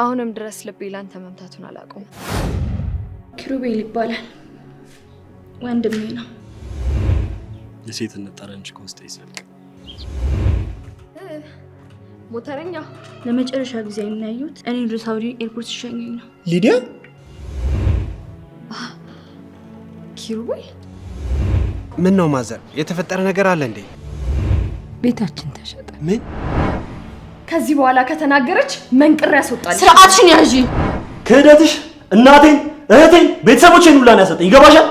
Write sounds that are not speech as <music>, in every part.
አሁንም ድረስ ልቤ ላንተ መምታቱን አላቁም። ኪሩቤል ይባላል ወንድሜ ነው። የሴትነት እንጂ ከውስጥ ይዘልቅ። ሞተረኛ ለመጨረሻ ጊዜ የምናዩት እኔ ወደ ሳውዲ ኤርፖርት ሲሸኘኝ ነው። ሊዲያ ኪሩቤል፣ ምን ነው ማዘር፣ የተፈጠረ ነገር አለ እንዴ? ቤታችን ተሸጠ። ምን ከዚህ በኋላ ከተናገረች መንቅር ያስወጣል። ስርዓትሽን ያዢ። ክህደትሽ እናቴን፣ እህቴን፣ ቤተሰቦቼን ሁላ ያሰጠኝ። ይገባሻል?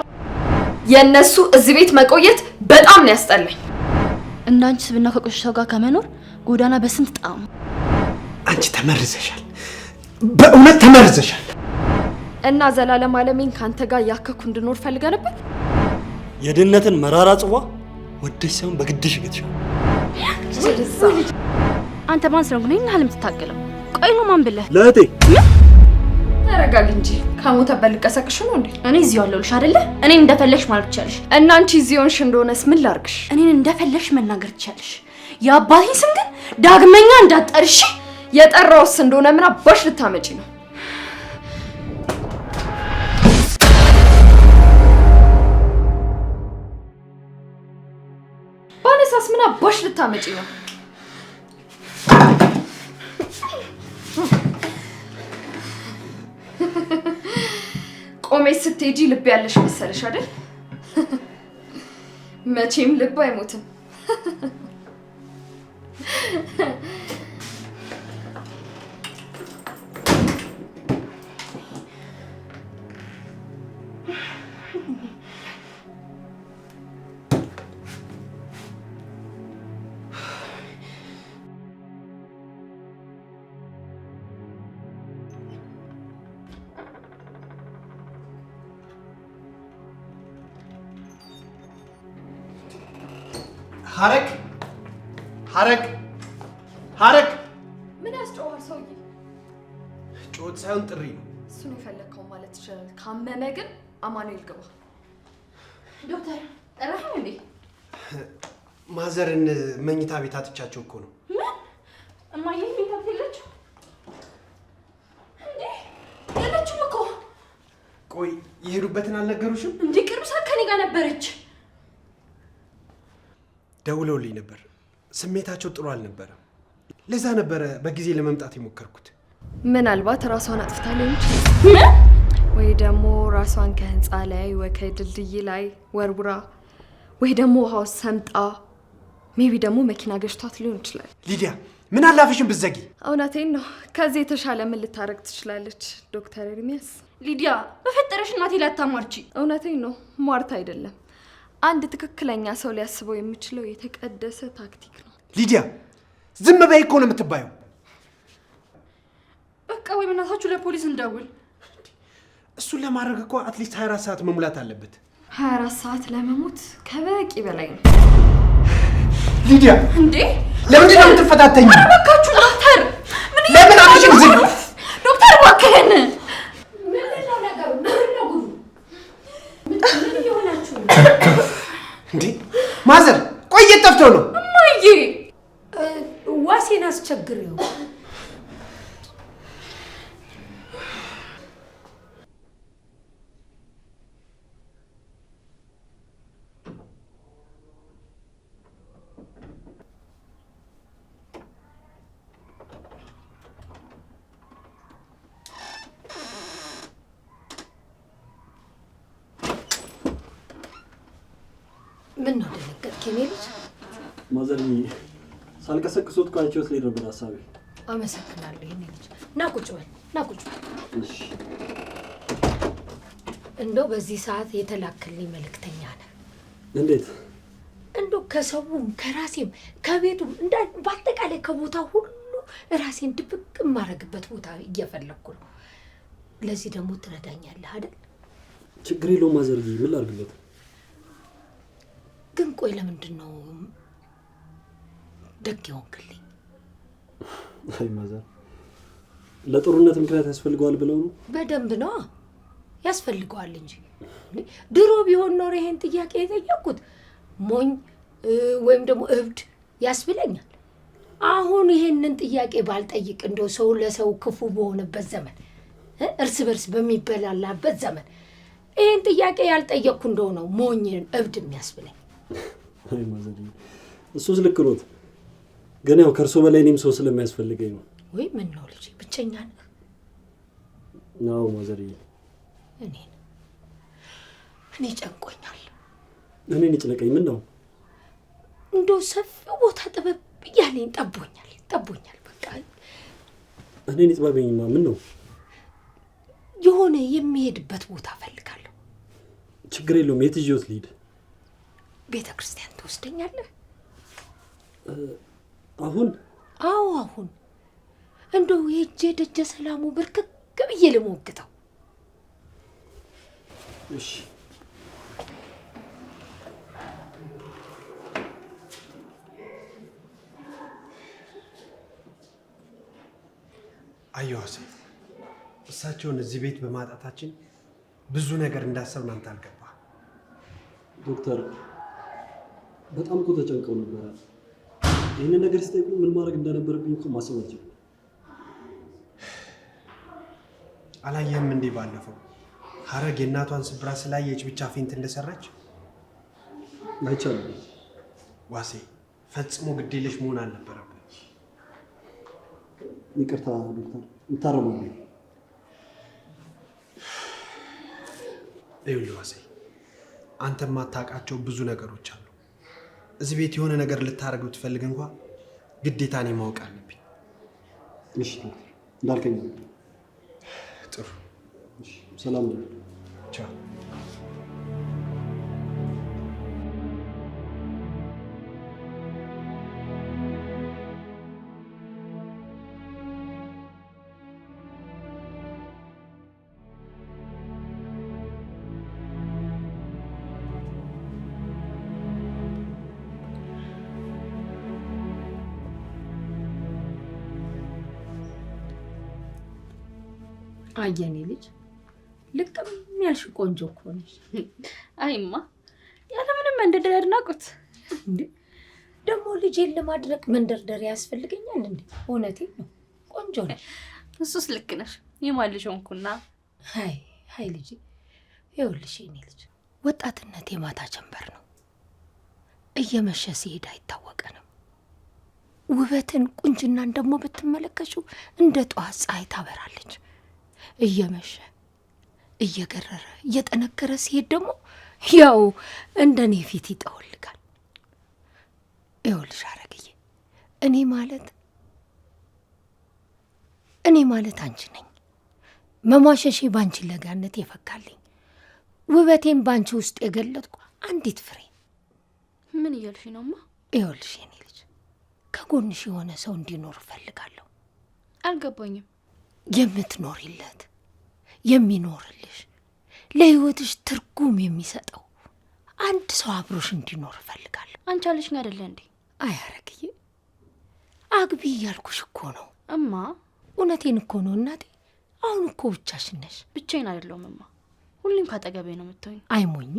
የእነሱ እዚህ ቤት መቆየት በጣም ነው ያስጠላኝ። እንዳንቺ ስብና ከቆሸ ጋር ከመኖር ጎዳና በስንት ጣዕሙ። አንቺ ተመርዘሻል፣ በእውነት ተመርዘሻል። እና ዘላለም አለሜን ከአንተ ጋር እያከኩ እንድኖር ፈልገ ነበር። የድህነትን መራራ ጽዋ ወደሽ ሳይሆን በግድሽ ቤትሽ አንተ ማን ስለሆነ ይህን ያህል የምትታገለው? ቆይ ነው ማን ብለህ ለእህቴ ተረጋግ እንጂ ከሞተበት ልቀሰቅሽ ነው እንዴ? እኔ እዚሁ አለሁልሽ አይደለ? እኔን እንደፈለሽ ማለት ትችያለሽ። እና አንቺ እዚህ ሆንሽ እንደሆነስ ምን ላርግሽ? እኔን እንደፈለሽ መናገር ትችያለሽ። የአባቴን ስም ግን ዳግመኛ እንዳትጠርሺ። የጠራውስ እንደሆነ ምን አባሽ ልታመጪ ነው? ባነሳስ ምን አባሽ ልታመጪ ነው? ቆሜት ስትሄጂ ልብ ያለሽ መሰለሽ አይደል? መቼም ልብ አይሞትም። ሐረግ ሐረግ ሐረግ። ምን ያስጨዋል ሰውዬ? ጩኸት ሳይሆን ጥሪ ነው። እሱን የፈለግከው ማለት ይችላል። ካመመ ግን አማኑኤል ግባ። ዶክተር ራህም እንዴ? ማዘርን መኝታ ቤት አጥቻቸው እኮ ነው። ምን እማዬ ቤታ የለችው እንዴ? የለችም እኮ። ቆይ የሄዱበትን አልነገሩሽም እንዴ? ቅርብ ሰዓት ከኔ ጋር ነበረች። ደውለውልኝ ነበር። ስሜታቸው ጥሩ አልነበረም። ለዛ ነበረ በጊዜ ለመምጣት የሞከርኩት። ምናልባት ራሷን አጥፍታ ሊሆን ይችላል፣ ወይ ደግሞ ራሷን ከህንፃ ላይ ወይ ከድልድይ ላይ ወርውራ፣ ወይ ደግሞ ውሃ ውስጥ ሰምጣ፣ ሜቢ ደግሞ መኪና ገጭቷት ሊሆን ይችላል። ሊዲያ ምን አላፍሽን ብዘጊ። እውነቴን ነው። ከዚህ የተሻለ ምን ልታደረግ ትችላለች? ዶክተር ኤርሚያስ ሊዲያ፣ በፈጠረሽ እናቴ ላታሟርቺ። እውነቴን ነው፣ ሟርት አይደለም አንድ ትክክለኛ ሰው ሊያስበው የሚችለው የተቀደሰ ታክቲክ ነው። ሊዲያ ዝም በይ እኮ ነው የምትባየው። በቃ ወይ እናታችሁ ለፖሊስ እንደውል። እሱን ለማድረግ እኮ አትሊስት 24 ሰዓት መሙላት አለበት። 24 ሰዓት ለመሞት ከበቂ በላይ ነው። ሊዲያ እንዴ፣ ለምንድን ነው የምትፈታተኝ? እባካችሁ ዶክተር፣ ለምን አንቺ ዝም ትቼዎት ልሄድ ነበር ሀሳቤ። አመሰግናለሁ። ይሄን ልጅ ና ቁጭ በል፣ ና ቁጭ በል። እሺ እንደው በዚህ ሰዓት የተላክልኝ መልእክተኛ ነህ። እንዴት እንደው ከሰውም ከራሴም ከቤቱም እንደ በአጠቃላይ ከቦታ ሁሉ ራሴን ድብቅ የማረግበት ቦታ እየፈለግኩ ነው። ለዚህ ደግሞ ትረዳኛለህ አይደል? ችግር የለውም። ማዘርዬ ምን ላድርግበት? ግን ቆይ ለምንድን ነው ደግ የሆንክልኝ? ለጦርነት ምክንያት ያስፈልገዋል ብለው ነው? በደንብ ነዋ ያስፈልገዋል እንጂ ድሮ ቢሆን ኖሮ ይሄን ጥያቄ የጠየቅኩት ሞኝ ወይም ደግሞ እብድ ያስብለኛል። አሁን ይሄንን ጥያቄ ባልጠይቅ እንደው ሰው ለሰው ክፉ በሆነበት ዘመን፣ እርስ በርስ በሚበላላበት ዘመን ይሄን ጥያቄ ያልጠየቅኩ እንደው ሞኝን እብድ የሚያስብለኝ። እሱ ስልክሎት ግን ያው ከእርሶ በላይ እኔም ሰው ስለሚያስፈልገኝ ነው። ወይ ምን ነው ልጅ ብቸኛ ነህ? አዎ ማዘርዬ። እኔ እኔ ጨንቆኛል። እኔን ይጭነቀኝ ምን ነው እንደው ሰፊ ቦታ ጥበብ እያለኝ ጠቦኛል ጠቦኛል። በቃ እኔን ይጥበበኝማ ምን ነው የሆነ የሚሄድበት ቦታ እፈልጋለሁ። ችግር የለውም። የት ይዤዎት ልሂድ? ቤተ ክርስቲያን ትወስደኛለህ? አሁን? አዎ አሁን እንደው የእጄ ደጀ ሰላሙ ብርክክ ብዬ ልሞግተው። እሺ አየዋስ እሳቸውን እዚህ ቤት በማጣታችን ብዙ ነገር እንዳሰብን አንተ አልገባ። ዶክተር በጣም እኮ ተጨንቀው ነበራል። ይህንን ነገር ስጠይቁ ምን ማድረግ እንዳነበረብኝ እኮ ማሰባቸው አላየህም እንዴ? ባለፈው ሀረግ የእናቷን ስብራት ስላየች ብቻ ፌንት እንደሰራች አይቻልም። ዋሴ ፈጽሞ ግዴለሽ መሆን አልነበረብን። ይቅርታ ዶክተር፣ የምታረሙ ይኸውልህ ዋሴ አንተ የማታውቃቸው ብዙ ነገሮች አሉ እዚህ ቤት የሆነ ነገር ልታደርገው ብትፈልግ እንኳ ግዴታ እኔ ማወቅ አለብኝ። እሺ እንዳልከኝ ጥሩ። ሰላም ቻው አየኔ ልጅ ልቅም ያልሽ ቆንጆ እኮ ነሽ። አይማ ያለምንም መንደርደር አድናቁት ደግሞ ልጄን ለማድረግ መንደርደር ያስፈልገኛል እንዴ? እውነቴ ነው፣ ቆንጆ ነሽ። እሱስ ልክ ነሽ። የማን ልጅ ሆንኩና? አይ አይ ልጄ፣ ይኸውልሽ የኔ ልጅ ወጣትነት የማታ ጀንበር ነው። እየመሸ ሲሄድ አይታወቀንም። ውበትን ቁንጅናን ደግሞ ብትመለከችው እንደ ጠዋት ፀሐይ ታበራለች። እየመሸ እየገረረ እየጠነከረ ሲሄድ ደግሞ ያው እንደ እኔ ፊት ይጠወልጋል። ይኸውልሽ አረግዬ፣ እኔ ማለት እኔ ማለት አንቺ ነኝ። መሟሸሼ ባንቺ ለጋነት የፈካልኝ ውበቴን ባንቺ ውስጥ የገለጥኩ አንዲት ፍሬ። ምን እያልሽ ነውማ? ይኸውልሽ የኔ ልጅ ከጎንሽ የሆነ ሰው እንዲኖር እፈልጋለሁ። አልገባኝም የምትኖሪለት የሚኖርልሽ ለህይወትሽ ትርጉም የሚሰጠው አንድ ሰው አብሮሽ እንዲኖር እፈልጋለሁ። አንቺ አለሽኝ አይደለ እንዴ? አይ አረግዬ፣ አግቢ እያልኩሽ እኮ ነው። እማ እውነቴን እኮ ነው እናቴ። አሁን እኮ ብቻሽን ነሽ። ብቻዬን አይደለሁም እማ፣ ሁሌም ካጠገቤ ነው የምትሆኝ። ሞኝ፣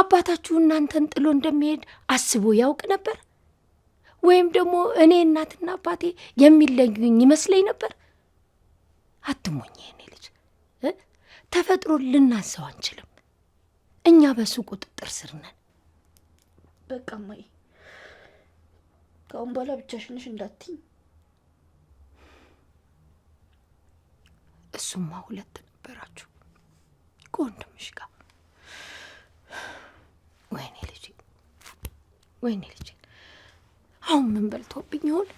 አባታችሁ እናንተን ጥሎ እንደሚሄድ አስቦ ያውቅ ነበር? ወይም ደግሞ እኔ እናትና አባቴ የሚለዩኝ ይመስለኝ ነበር? አትሞኝ የኔ ልጅ። ተፈጥሮ ልናዘው አንችልም። እኛ በሱ ቁጥጥር ስር ነን። በቃ እማዬ፣ ከአሁን በኋላ ብቻሽን እንዳትኝ። እሱማ ሁለት ነበራችሁ ከወንድምሽ ጋር። ወይኔ ልጅ፣ ወይኔ ልጅ፣ አሁን ምን በልቶብኝ ይሆን?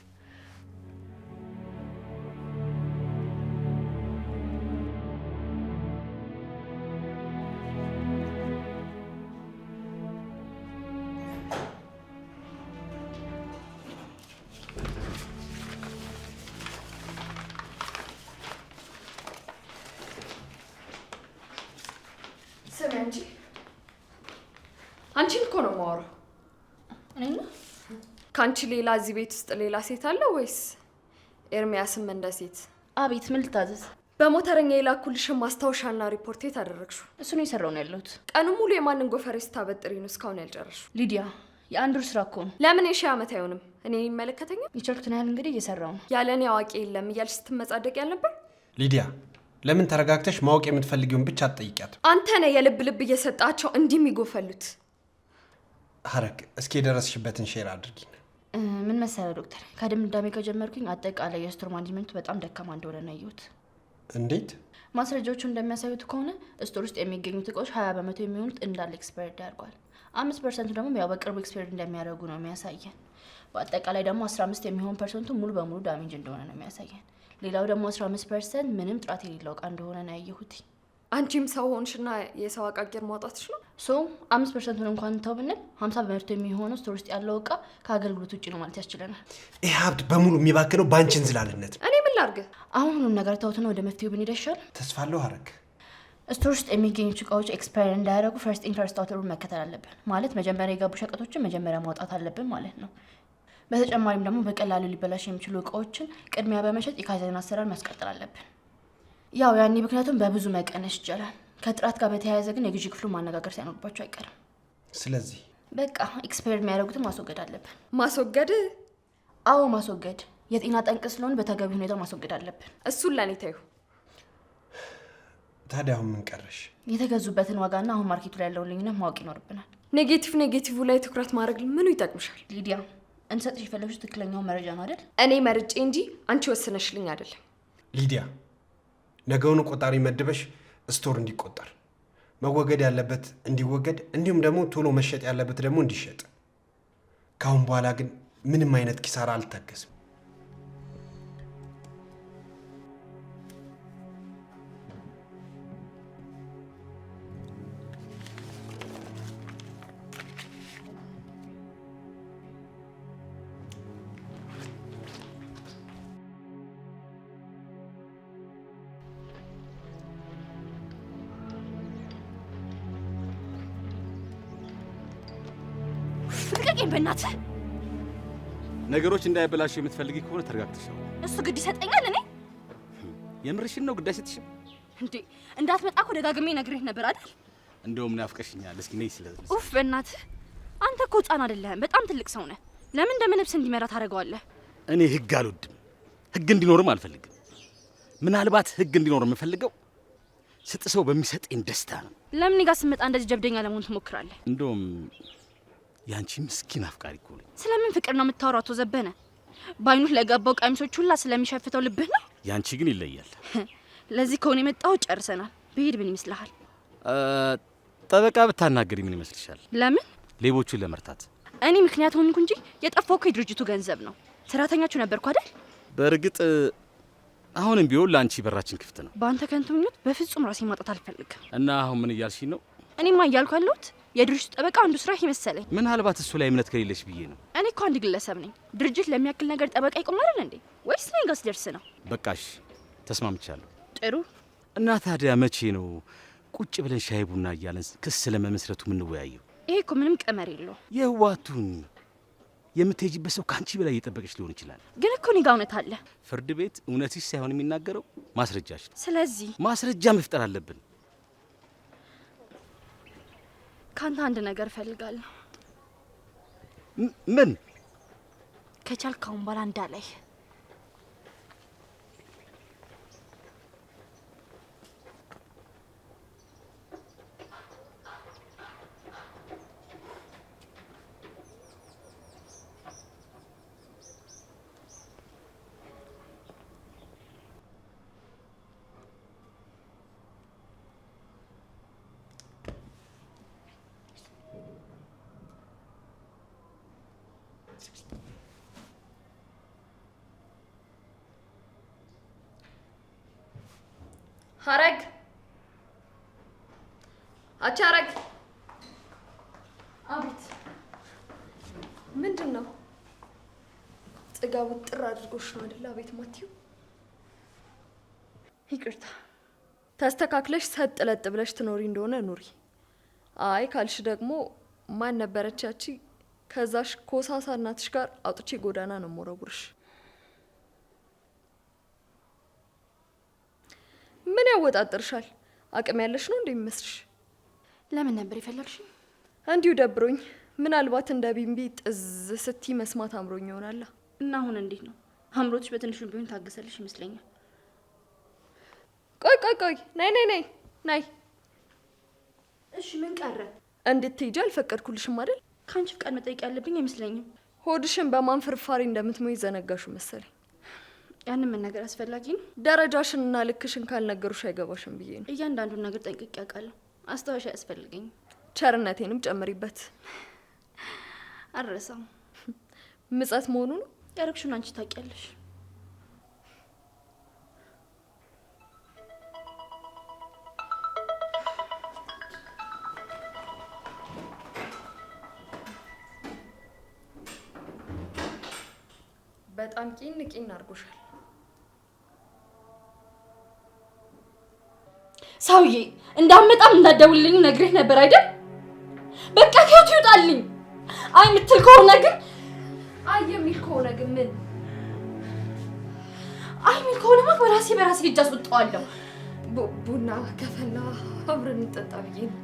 ከአንቺ ሌላ እዚህ ቤት ውስጥ ሌላ ሴት አለ ወይስ ኤርሚያስም እንደ ሴት? አቤት፣ ምን ልታዘዝ? በሞተረኛ የላኩልሽን ማስታወሻና ሪፖርት የት አደረግሽው? እሱን የሰራው ነው ያለሁት። ቀኑ ሙሉ የማንን ጎፈሬ ስታበጥሪ ነው እስካሁን ያልጨረሽው? ሊዲያ፣ የአንድ ስራ እኮ ነው። ለምን የሺህ ዓመት አይሆንም? እኔ ይመለከተኛል። የቻልኩትን ያህል እንግዲህ እየሰራው ነው። ያለ እኔ አዋቂ የለም እያልሽ ስትመጻደቅ ያልነበር? ሊዲያ ለምን ተረጋግተሽ ማወቅ የምትፈልጊውን ብቻ አትጠይቂያት። አንተ ነህ የልብ ልብ እየሰጣቸው እንዲህ የሚጎፈሉት። ሀረግ፣ እስኪ የደረስሽበትን ሼር አድርጊ። ምን መሰለ ዶክተር፣ ከድምዳሜ ከጀመርኩኝ አጠቃላይ የስቶር ማኔጅመንቱ በጣም ደካማ እንደሆነ ነው የሁት እንዴት? ማስረጃዎቹ እንደሚያሳዩት ከሆነ ስቶር ውስጥ የሚገኙት እቃዎች ሀያ በመቶ የሚሆኑት እንዳለ ኤክስፐርድ ያደርጓል። አምስት ፐርሰንቱ ደግሞ ያው በቅርቡ ኤክስፐርድ እንደሚያደርጉ ነው የሚያሳየን። በአጠቃላይ ደግሞ አስራ አምስት የሚሆን ፐርሰንቱ ሙሉ በሙሉ ዳሜጅ እንደሆነ ነው የሚያሳየን። ሌላው ደግሞ አስራ አምስት ፐርሰንት ምንም ጥራት የሌለው እቃ እንደሆነ ነው ያየሁት። አንቺም ሰው ሆንሽና የሰው አቃቂር አየር ማውጣትሽ ነው። ሶ አምስት ፐርሰንቱን እንኳን ተው ብንል ሀምሳ በመቶ የሚሆነው ስቶር ውስጥ ያለው እቃ ከአገልግሎት ውጭ ነው ማለት ያስችለናል። ይህ ሀብት በሙሉ የሚባክነው በአንቺ እንዝላልነት። እኔ ምን ላድርግ? አሁን ሁሉም ነገር ተውትና ወደ መፍትሄው ብንሄድ ይሻል። ተስፋ አለው ሀረግ ስቶር ውስጥ የሚገኙት እቃዎች ኤክስፓየር እንዳያደረጉ ፈርስት ኢን ፈርስት መከተል አለብን። ማለት መጀመሪያ የገቡ ሸቀጦችን መጀመሪያ ማውጣት አለብን ማለት ነው። በተጨማሪም ደግሞ በቀላሉ ሊበላሽ የሚችሉ እቃዎችን ቅድሚያ በመሸጥ የካዘን አሰራር ማስቀጠል አለብን። ያው ያኔ ምክንያቱም በብዙ መቀነስ ይቻላል። ከጥራት ጋር በተያያዘ ግን የግዢ ክፍሉ ማነጋገር ሳይኖርባቸው አይቀርም። ስለዚህ በቃ ኤክስፓየር የሚያደርጉትን ማስወገድ አለብን። ማስወገድ? አዎ ማስወገድ። የጤና ጠንቅ ስለሆን በተገቢ ሁኔታ ማስወገድ አለብን። እሱን ለኔ ተይው። ታዲያ አሁን ምን ቀረሽ? የተገዙበትን ዋጋና አሁን ማርኬቱ ላይ ያለውን ልዩነት ማወቅ ይኖርብናል። ኔጌቲቭ ኔጌቲቭ ላይ ትኩረት ማድረግ ምኑ ይጠቅምሻል? ሊዲያ እንሰጥሽ የፈለግሽ ትክክለኛው መረጃ ነው አይደል? እኔ መርጬ እንጂ አንቺ ወስነሽልኝ አይደለም። ሊዲያ ነገውን ቆጣሪ መድበሽ ስቶር እንዲቆጠር መወገድ ያለበት እንዲወገድ፣ እንዲሁም ደግሞ ቶሎ መሸጥ ያለበት ደግሞ እንዲሸጥ። ከአሁን በኋላ ግን ምንም አይነት ኪሳራ አልታገስም። ነገሮች እንዳይበላሹ የምትፈልጊ ከሆነ ተረጋግተሽ ነው። እሱ ግድ ይሰጠኛል። እኔ የምርሽን ነው? ግድ አይሰጥሽም እንዴ? እንዳትመጣ እኮ ደጋግሜ ነግሬህ ነበር አይደል? እንደውም ናፍቀሽኛል። እስኪ ነይ። ስለ ኡፍ፣ በእናትህ አንተ እኮ ህፃን አይደለህም፣ በጣም ትልቅ ሰው ነህ። ለምን ደም እንዲመራ ታደርገዋለህ? እኔ ህግ አልወድም፣ ህግ እንዲኖርም አልፈልግም። ምናልባት ህግ እንዲኖር የምፈልገው ስጥ ሰው በሚሰጠኝ ደስታ ነው። ለምን ጋር ስመጣ እንደዚህ ጀብደኛ ለመሆን ትሞክራለህ? እንደውም ያንቺ ምስኪን አፍቃሪ እኮ ነኝ። ስለምን ፍቅር ነው የምታወራው? አቶ ዘበነ በአይኑት ለገባው ቀሚሶች ሁላ ስለሚሸፍተው ልብህ ነው። ያንቺ ግን ይለያል። <laughs> ለዚህ ከሆነ የመጣው ጨርሰናል። ብሄድ ምን ይመስልሃል? ጠበቃ ብታናገሪ ምን ይመስልሻል? ለምን? ሌቦቹን ለመርታት እኔ ምክንያት ሆንኩ እንጂ የጠፋው እኮ የድርጅቱ ገንዘብ ነው። ሰራተኛችሁ ነበርኩ አይደል? በእርግጥ አሁንም ቢሆን ለአንቺ በራችን ክፍት ነው። በአንተ ከንቱ ምኞት በፍጹም ራሴ ማጣት አልፈልግም። እና አሁን ምን እያልሽ ነው? እኔማ እያልኩ ያለሁት የድርጅቱ ጠበቃ አንዱ ስራ ይመሰለኝ። ምናልባት እሱ ላይ እምነት ከሌለሽ ብዬ ነው። እኔ እኮ አንድ ግለሰብ ነኝ። ድርጅት ለሚያክል ነገር ጠበቃ ይቆማል እንዴ? ወይስ እኔ ጋስ ደርስ ነው? በቃሽ፣ ተስማምቻለሁ። ጥሩ። እና ታዲያ መቼ ነው ቁጭ ብለን ሻይ ቡና እያለን ክስ ለመመስረቱ የምንወያየው? ይሄ እኮ ምንም ቀመር የለው። የዋቱኝ የምትሄጅበት ሰው ከአንቺ በላይ እየጠበቀች ሊሆን ይችላል። ግን እኮ እኔ ጋ እውነት አለ። ፍርድ ቤት እውነትሽ ሳይሆን የሚናገረው ማስረጃሽ ስለዚህ ማስረጃ መፍጠር አለብን። ካንተ አንድ ነገር እፈልጋለሁ። ምን? ከቻልክ አሁን በኋላ ሀረግ አቻ ሀረግ አቤት ምንድን ነው ጥጋቡ ጥር አድርጎሽ ነው አይደለ አቤት ማቲው ይቅርታ ተስተካክለሽ ሰጥ ለጥ ብለሽ ትኖሪ እንደሆነ ኑሪ አይ ካልሽ ደግሞ ማን ነበረች ከዛሽ ኮሳሳ እናትሽ ጋር አውጥቼ ጎዳና ነው የምወረውርሽ። ምን ያወጣጥርሻል? አቅም ያለሽ ነው እንዴ የሚመስልሽ? ለምን ነበር የፈለግሽ? እንዲሁ ደብሮኝ፣ ምናልባት እንደ ቢንቢ ጥዝ ስቲ መስማት አምሮኝ ይሆናላ። እና አሁን እንዴት ነው? አምሮትሽ በትንሹ ቢሆን ታገሰልሽ ይመስለኛል። ቆይ ቆይ ቆይ፣ ናይ ናይ ናይ ናይ። እሺ ምን ቀረ? እንድትሄጂ አልፈቀድኩልሽም አይደል? ከአንቺ ፍቃድ መጠየቅ ያለብኝ አይመስለኝም። ሆድሽን በማን ፍርፋሪ እንደምትሞይ ዘነጋሹ መሰለኝ። ያንን መናገር አስፈላጊ ነው። ደረጃሽንና ልክሽን ካልነገሩሽ አይገባሽም ብዬ ነው። እያንዳንዱን ነገር ጠንቅቄ አውቃለሁ። አስታወሻ አያስፈልገኝም። ቸርነቴንም ጨምሪበት። አልረሳም። ምጸት መሆኑ ነው ያረግሽውን አንቺ ታውቂያለሽ። በጣም ቂን ቂን አድርጎሻል ሰውዬ። እንዳመጣም እንዳደውልልኝ ነግሬህ ነበር አይደል? በቃ ከቱ ይውጣልኝ። አይ የምትል ከሆነ ግን አይ የሚል ከሆነ ግን ምን አይ የሚል ከሆነማ በራሴ በራሴ ሂጅ አስወጣዋለሁ። ቡና ከፈላ አብረን እንጠጣ ብዬ ነው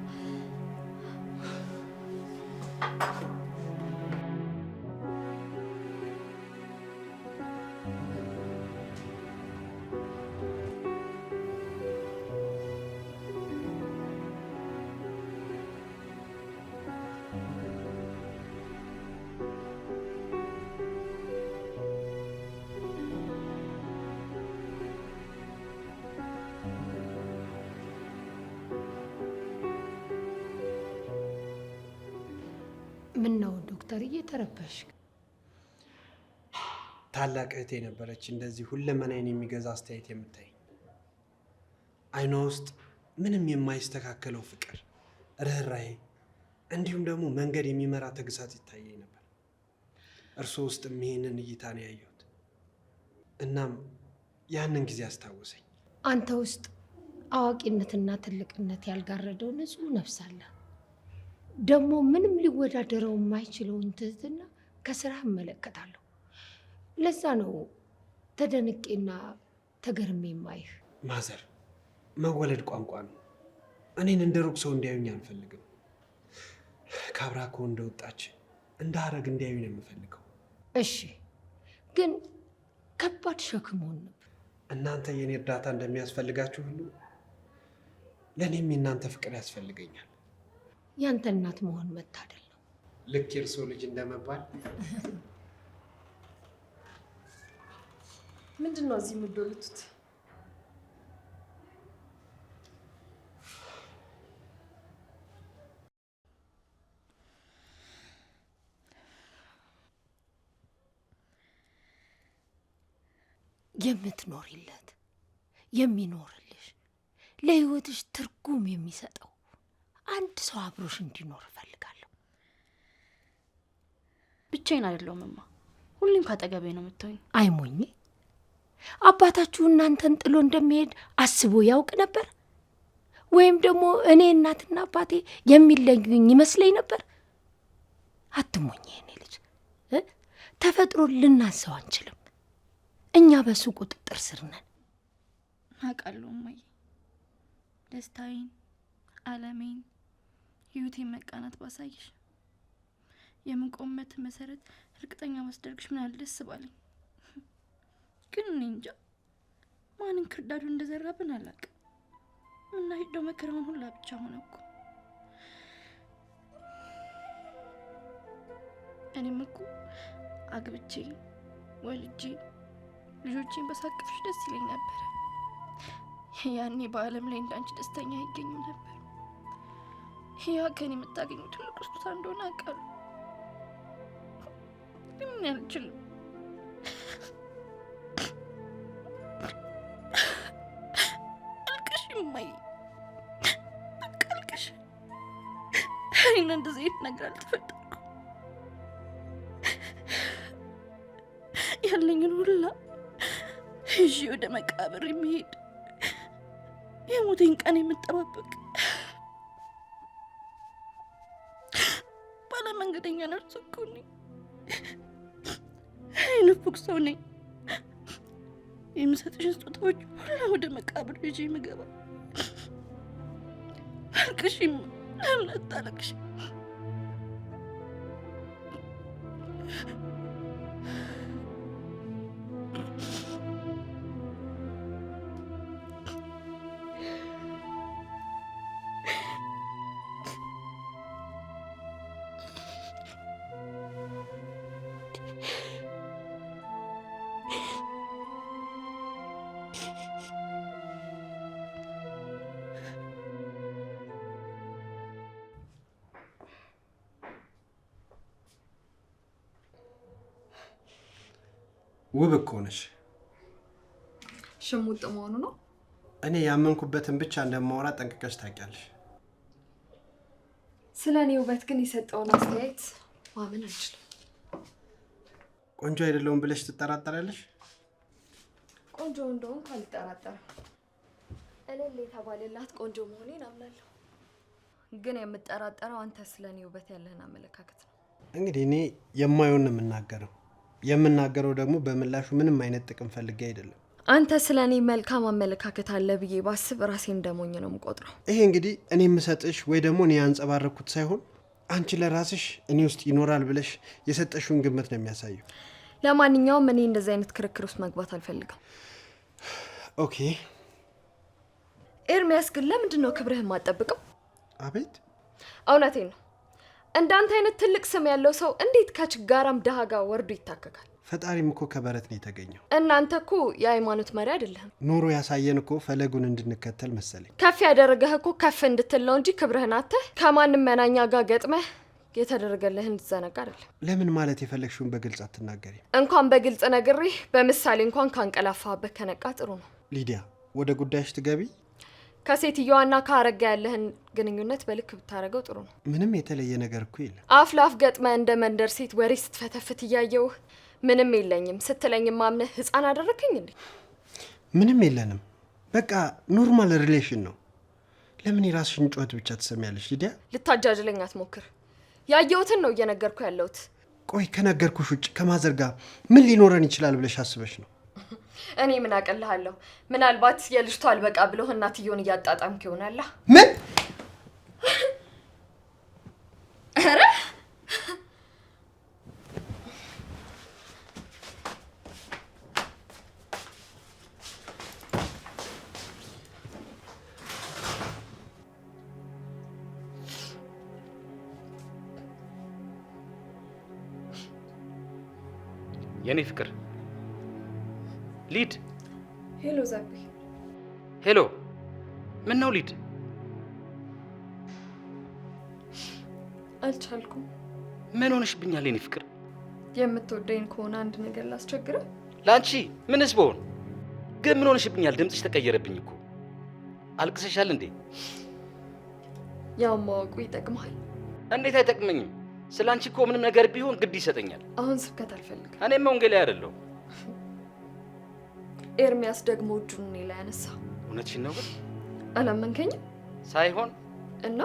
ተረበሽ። ታላቅ እህቴ ነበረች እንደዚህ ሁለመናዬን የሚገዛ አስተያየት የምታይ አይኗ ውስጥ ምንም የማይስተካከለው ፍቅር፣ ርኅራዬ እንዲሁም ደግሞ መንገድ የሚመራ ተግሳት ይታየኝ ነበር። እርስ ውስጥም ይህንን እይታ ነው ያየሁት። እናም ያንን ጊዜ አስታወሰኝ። አንተ ውስጥ አዋቂነትና ትልቅነት ያልጋረደው ንጹሕ ነፍስ አለ። ደግሞ ምንም ሊወዳደረው የማይችለውን ትህትና ከስራ እመለከታለሁ። ለዛ ነው ተደንቄና ተገርሜ የማይህ። ማዘር መወለድ ቋንቋ ነው። እኔን እንደ ሩቅ ሰው እንዲያዩኝ አንፈልግም። ከአብራኮ እንደወጣች እንደ ሀረግ እንዲያዩኝ ነው የምፈልገው። እሺ፣ ግን ከባድ ሸክም ሆን ነበር። እናንተ የእኔ እርዳታ እንደሚያስፈልጋችሁ ሁሉ ለእኔም የእናንተ ፍቅር ያስፈልገኛል። ያንተ እናት መሆን መታደል ነው። ልክ የእርሶ ልጅ እንደመባል። ምንድን ነው እዚህ የምትዶሉት? የምትኖሪለት የሚኖርልሽ ለህይወትሽ ትርጉም የሚሰጠው አንድ ሰው አብሮሽ እንዲኖር እፈልጋለሁ። ብቻዬን አይደለሁም እማ፣ ሁሌም ካጠገቤ ነው የምትሆኝ። አይሞኝ አባታችሁ እናንተን ጥሎ እንደሚሄድ አስቦ ያውቅ ነበር? ወይም ደግሞ እኔ እናትና አባቴ የሚለዩኝ ይመስለኝ ነበር? አትሞኝ የኔ ልጅ፣ ተፈጥሮ ልናንሰው አንችልም። እኛ በሱ ቁጥጥር ስር ነን። አውቃለሁ እማዬ፣ ደስታዬን፣ አለሜን ህይወቴ መቃናት ባሳይሽ የምንቆመት መሰረት እርግጠኛ ማስደረግሽ ምን ያህል ደስ ባለኝ። ግን እኔ እንጃ ማንን ክርዳዱ እንደዘራብን አላቅ ምናሄደው መከራውን ሁላ ብቻ ሆነ እኮ። እኔም እኮ አግብቼ ወልጄ ልጆቼን በሳቅፍሽ ደስ ይለኝ ነበረ። ያኔ በዓለም ላይ እንዳንቺ ደስተኛ አይገኝም ነበር። ያ ከኔ የምታገኘው ትልቅ ስጦታ እንደሆነ አውቃለሁ። ምን አልችልም። አልቅሽ እማዬ፣ በቃ አልቅሽ። እንደዚህ አይነት ነገር አልተፈጠርኩም። ያለኝን ሁላ ይዤ ወደ መቃብር የሚሄድ የሞቴን ቀን የምጠባበቅ እርግጠኛ ነርሱ እኮ ነኝ። የንፉግ ሰው ነኝ። የምሰጥሽን ስጦታዎች ሁላ ወደ መቃብር ይዤ የምገባ አልቅሽም። ለምን አታለቅሽም? ውብ እኮ ነሽ። ሽሙጥ መሆኑ ነው። እኔ ያመንኩበትን ብቻ እንደማወራ ጠንቅቀሽ ታውቂያለሽ። ስለ እኔ ውበት ግን የሰጠውን አስተያየት ማመን አልችልም። ቆንጆ አይደለውም ብለሽ ትጠራጠራለሽ? ቆንጆ እንደውም አልጠራጠርም። እልል የተባለላት ቆንጆ መሆኔን አምናለሁ። ግን የምጠራጠረው አንተ ስለ እኔ ውበት ያለህን አመለካከት ነው። እንግዲህ እኔ የማየውን ነው የምናገረው የምናገረው ደግሞ በምላሹ ምንም አይነት ጥቅም ፈልጌ አይደለም። አንተ ስለ እኔ መልካም አመለካከት አለ ብዬ ባስብ ራሴ እንደሞኝ ነው የምቆጥረው። ይሄ እንግዲህ እኔ የምሰጥሽ ወይ ደግሞ እኔ ያንጸባረኩት ሳይሆን አንቺ ለራስሽ እኔ ውስጥ ይኖራል ብለሽ የሰጠሽውን ግምት ነው የሚያሳየው። ለማንኛውም እኔ እንደዚህ አይነት ክርክር ውስጥ መግባት አልፈልግም። ኦኬ። ኤርሚያስ ግን ለምንድን ነው ክብርህን ማጠብቅም? አቤት፣ እውነቴን ነው እንዳንተ አይነት ትልቅ ስም ያለው ሰው እንዴት ከችጋራም ደሃ ጋር ወርዶ ይታከካል? ፈጣሪም እኮ ከበረት ነው የተገኘው። እናንተ እኮ የሃይማኖት መሪ አይደለም። ኑሮ ያሳየን እኮ ፈለጉን እንድንከተል መሰለኝ። ከፍ ያደረገህ እኮ ከፍ እንድትል ነው እንጂ ክብርህን አተህ ከማንም መናኛ ጋር ገጥመህ የተደረገልህ እንድትዘነጋ አይደለም። ለምን ማለት የፈለግሽውን በግልጽ አትናገሪ? እንኳን በግልጽ ነግሬህ በምሳሌ እንኳን ካንቀላፋበት ከነቃ ጥሩ ነው። ሊዲያ ወደ ጉዳይሽ ትገቢ ከሴትዮዋና ከአረጋ ያለህን ግንኙነት በልክ ብታደርገው ጥሩ ነው። ምንም የተለየ ነገር እኮ የለም። አፍ ላፍ ገጥመ እንደ መንደር ሴት ወሬ ስትፈተፍት እያየውህ ምንም የለኝም ስትለኝም ማምነህ ህፃን አደረግኝ እንዴ? ምንም የለንም። በቃ ኖርማል ሪሌሽን ነው። ለምን የራስሽን ጩኸት ብቻ ትሰሚያለሽ ሊዲያ? ልታጃጅለኝ አትሞክር። ያየሁትን ነው እየነገርኩ ያለሁት። ቆይ ከነገርኩሽ ውጭ ከማዘርጋ ምን ሊኖረን ይችላል ብለሽ አስበሽ ነው? እኔ ምን አቀልሃለሁ? ምናልባት የልጅቷ አልበቃ ብሎህ እናትየውን እያጣጣምክ ይሆናል። ምን? ኧረ የኔ ፍቅር ሊድ ሄሎ። ዛቤ ሄሎ። ምን ነው ሊድ? አልቻልኩም። ምን ሆነሽብኛል የኔ ፍቅር? የምትወደኝ ከሆነ አንድ ነገር ላስቸግረ። ለአንቺ ምንስ በሆን ግን ምን ሆነሽብኛል? ድምፅሽ ተቀየረብኝ እኮ አልቅሰሻል እንዴ? ያው ማወቁ ይጠቅማል። እንዴት አይጠቅመኝም? ስለ አንቺ እኮ ምንም ነገር ቢሆን ግድ ይሰጠኛል። አሁን ስብከት አልፈልግም። እኔም ወንጌላዊ አይደለሁም። ኤርሚያስ ደግሞ እጁን እኔ ላይ ያነሳ። እውነትሽን ነው ግን አላመንከኝ ሳይሆን እና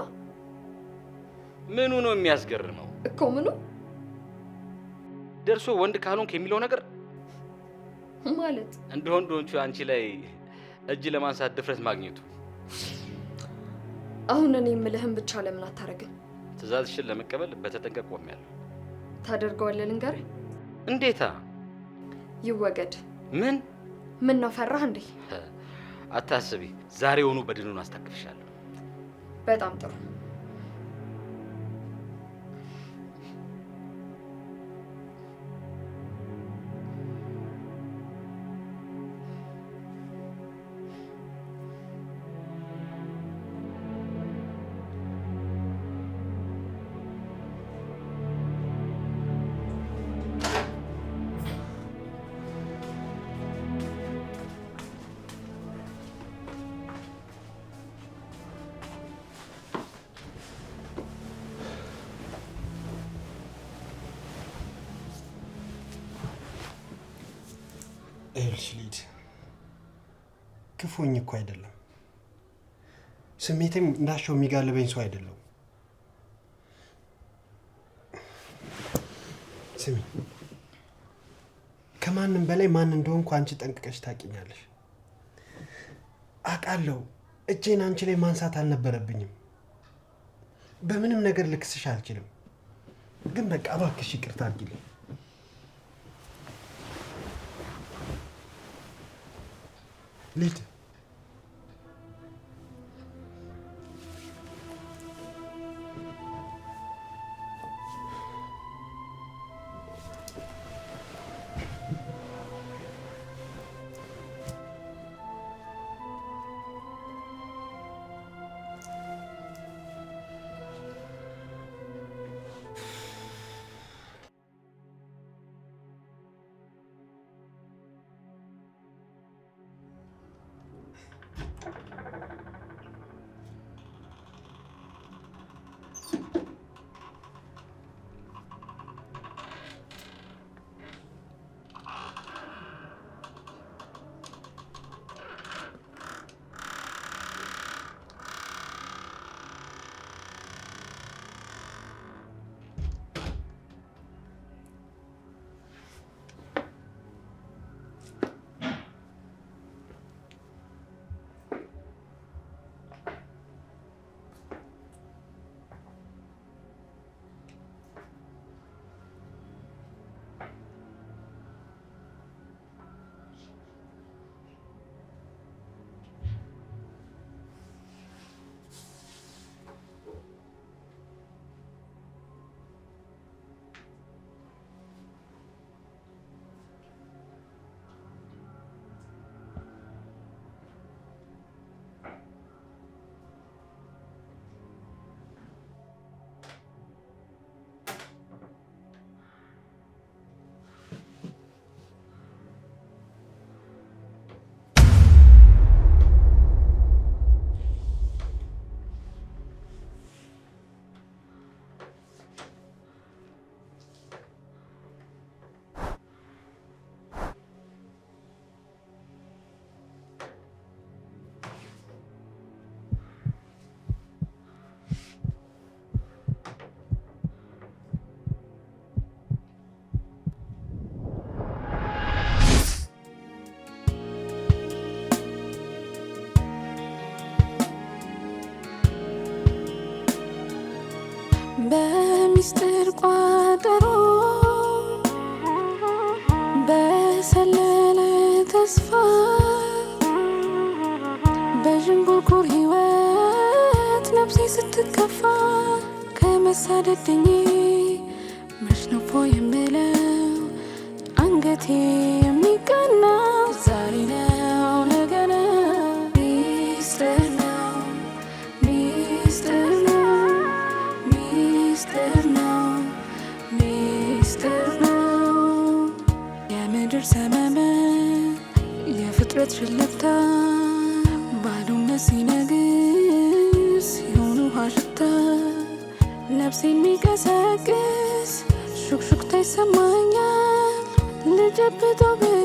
ምኑ ነው የሚያስገርመው? እኮ ምኑ ደርሶ ወንድ ካልሆንክ የሚለው ነገር ማለት እንደ ወንዶቹ አንቺ ላይ እጅ ለማንሳት ድፍረት ማግኘቱ። አሁን እኔ የምልህን ብቻ ለምን አታረግም? ትእዛዝሽን ለመቀበል በተጠንቀቅ ቆሜያለሁ። ታደርገዋለህ? ልንገርህ። እንዴታ! ይወገድ ምን ምን ነው ፈራህ እንዴ? አታስቢ፣ ዛሬውኑ በድኑን አስታቅፍሻለሁ። በጣም ጥሩ ክፉኝ እኮ አይደለም። ስሜቴም እንዳሸው የሚጋልበኝ ሰው አይደለም። ስሚ፣ ከማንም በላይ ማን እንደሆንኩ አንቺ ጠንቅቀሽ ታውቂኛለሽ። አውቃለሁ እጄን አንቺ ላይ ማንሳት አልነበረብኝም። በምንም ነገር ልክስሽ አልችልም። ግን በቃ እባክሽ ይቅርታ አድርጊልኝ። ሊድ በሚስጥር ቋጠሮ በሰለለ ተስፋ በዥንጉርጉር ህይወት ነፍሴ ስትከፋ ከመሳደድ መሽነፎ የምለው አንገቴ በሽለታ ባዶነት ሀሽታ ነፍሴ የሚቀሰቅስ ሹክሹክታ ይሰማኛል ልጀብጦ